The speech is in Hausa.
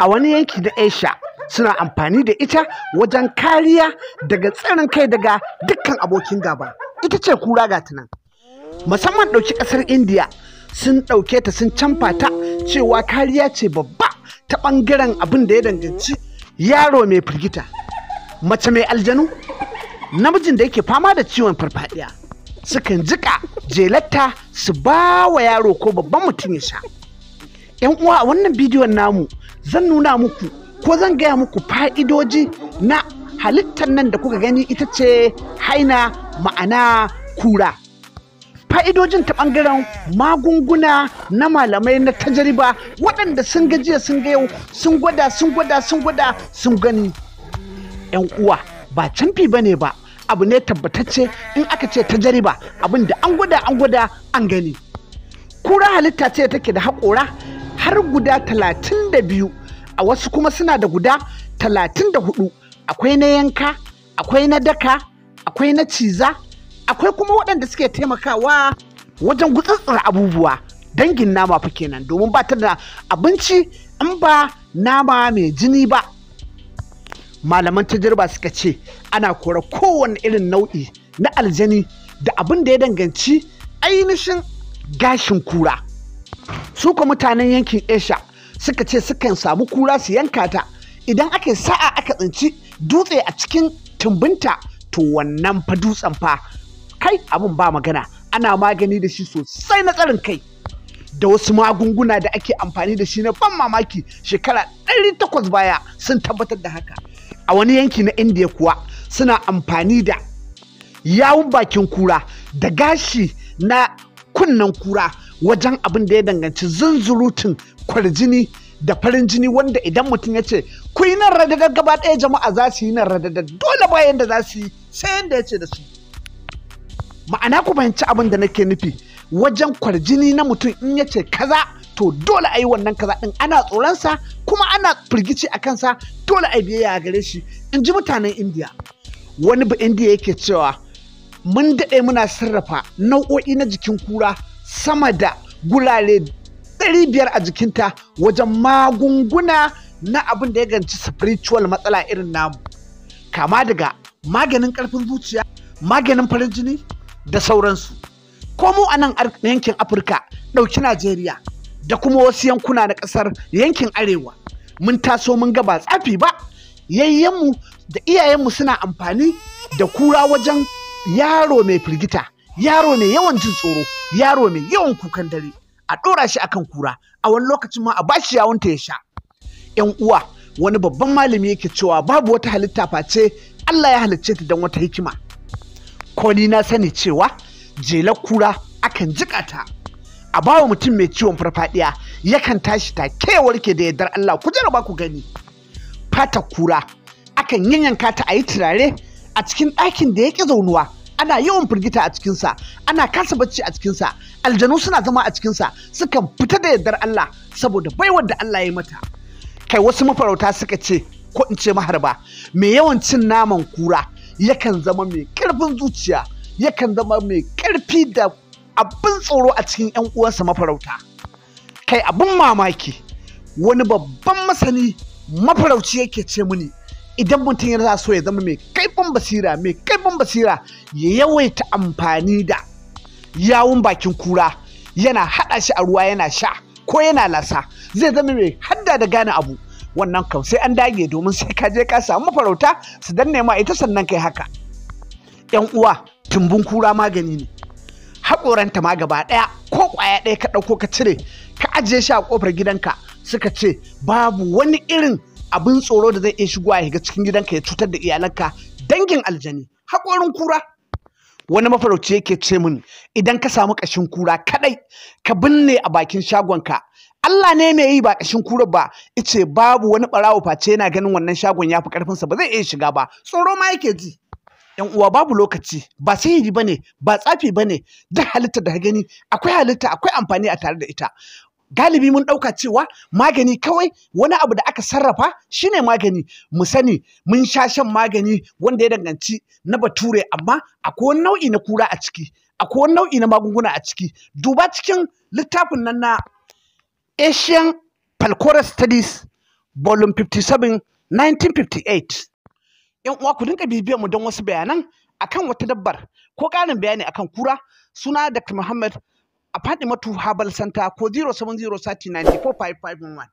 a wani yanki na Asia suna amfani da ita wajen kariya daga tsarin kai daga dukkan abokin gaba ita ce kura ga tunan. musamman ɗauki ƙasar India sun ɗauke ta sun canfa ta cewa kariya ce babba ta ɓangaren abin da ya danganci yaro mai firgita mace mai aljanu namijin da yake fama da ciwon farfadiya sukan jika jelatta su ba wa yaro ko babban mutum ya sha yan uwa a wannan bidiyon namu zan nuna muku ko zan gaya muku fa'idoji na halittar nan da kuka gani ita ce haina ma'ana kura fa'idojin ta ɓangaren magunguna na malamai na tajariba waɗanda sun gajiya sun ga yau sun gwada sun gwada sun gwada sun gani yan uwa ba canfi ba ne ba abu ne tabbatacce in aka ce tajariba abin da an gwada an gwada an gani kura halitta ce take da haƙora har guda talatin da biyu a wasu kuma suna da guda talatin da hudu akwai na yanka akwai na daka akwai na ciza akwai kuma waɗanda suke taimakawa wajen gutsatsar abubuwa dangin nama fa kenan domin ba ta da abinci in ba nama mai jini ba malaman tajirba suka ce ana kora kowane irin nau'i na aljani da abin da ya danganci ainihin gashin kura su kuma mutanen yankin asia suka ce sukan samu kura su yanka ta idan aka sa'a aka tsinci dutse a cikin tumbinta to wannan fa dutsen fa kai abin ba magana ana magani da shi sosai na tsarin kai da wasu magunguna da ake amfani da shi na ban mamaki shekara 800 baya sun tabbatar da haka a wani yanki na indiya kuwa suna amfani da yawun bakin kura da gashi na kunnen kura wajen abin da ya danganci zunzurutun kwarjini da farin jini wanda idan mutum ya ce ku yi nan radadar gaba ɗaya jama'a za su yi nan radadar dole bayan da za su yi sai yanda ya ce da su ma'ana ku fahimci abin da nake nufi wajen kwarjini na mutum in ya ce kaza to dole a yi wannan kaza ɗin ana tsoronsa kuma ana firgici a kansa dole a biyayya a gare shi in ji mutanen indiya wani ba indiya yake cewa mun daɗe muna sarrafa nau'o'i na jikin kura sama da gulare 500 a jikinta wajen magunguna na abin da ya ganci spiritual matsala irin namu kama daga maganin karfin zuciya maganin farin jini da sauransu komo a nan yankin afirka ɗauki najeriya da kuma wasu yankuna na ƙasar yankin arewa mun taso mun ga ba tsafi ba yayyenmu da iyayenmu suna amfani da kura wajen yaro mai firgita yaro mai yawan jin tsoro yaro mai yawan kukan dare a ɗora shi akan kura a wani lokacin ma a bashi ta ya sha yan uwa wani babban malami yake cewa babu wata halitta face Allah ya halicce ta don wata hikima ko ni na sani cewa jelar kura akan jika ta a bawa mutum mai ciwon farfadiya yakan tashi ta kewar ke da yardar Allah ku ba ku gani fata kura akan yanyanka ta a yi turare a cikin ɗakin da yake zaunuwa ana yawan firgita a cikinsa ana kasa bacci a cikinsa aljanu suna zama a cikinsa sukan fita da yardar Allah saboda baiwar da Allah ya mata kai wasu mafarauta suka ce ko in ce maharba mai yawan cin naman kura yakan zama mai karfin zuciya yakan zama mai karfi da abin tsoro a cikin 'yan uwansa mafarauta kai abin mamaki wani babban masani mafarauci yake ce mini idan mutum yana so ya zama mai kaifin basira mai kaifin basira ya yawaita amfani da yawun bakin kura yana haɗa shi a ruwa yana sha ko yana lasa zai zama mai hadda da gane abu wannan kam sai an dage domin sai ka je ka samu farauta su dan nema ita sannan kai haka yan uwa tumbun kura magani ne haƙoranta ma gaba ɗaya ko ƙwaya ɗaya ka ɗauko ka cire ka ajiye shi a ƙofar gidanka suka ce babu wani irin abin tsoro da zai iya shigowa ya shiga cikin gidanka ya cutar da iyalanka dangin aljani haƙorin kura wani mafarauci yake ce min idan ka samu ƙashin kura kaɗai, ka binne a bakin shagonka Allah ne mai yi ba ƙashin kura ba ice babu wani ɓarawo face yana ganin wannan shagon ya fi ƙarfinsa ba zai iya shiga ba tsoro ma yake ji yan uwa babu lokaci ba sihiri bane ba tsafi bane duk halitta da gani akwai halitta akwai amfani a tare da ita galibi mun ɗauka cewa magani kawai wani abu da aka sarrafa shine magani mu sani mun sha shan magani wanda ya danganci na bature amma akwai nau'i na kura a ciki akwai nau'i na magunguna a ciki duba cikin littafin nan na Asian Falcorer Studies volume 57 1958 yan uwa ku dinka bibiyar mu don wasu bayanan akan wata dabbar ko ƙarin bayani akan kura suna Dr. Muhammad a faɗi matu Herbal Center ko 070 30 94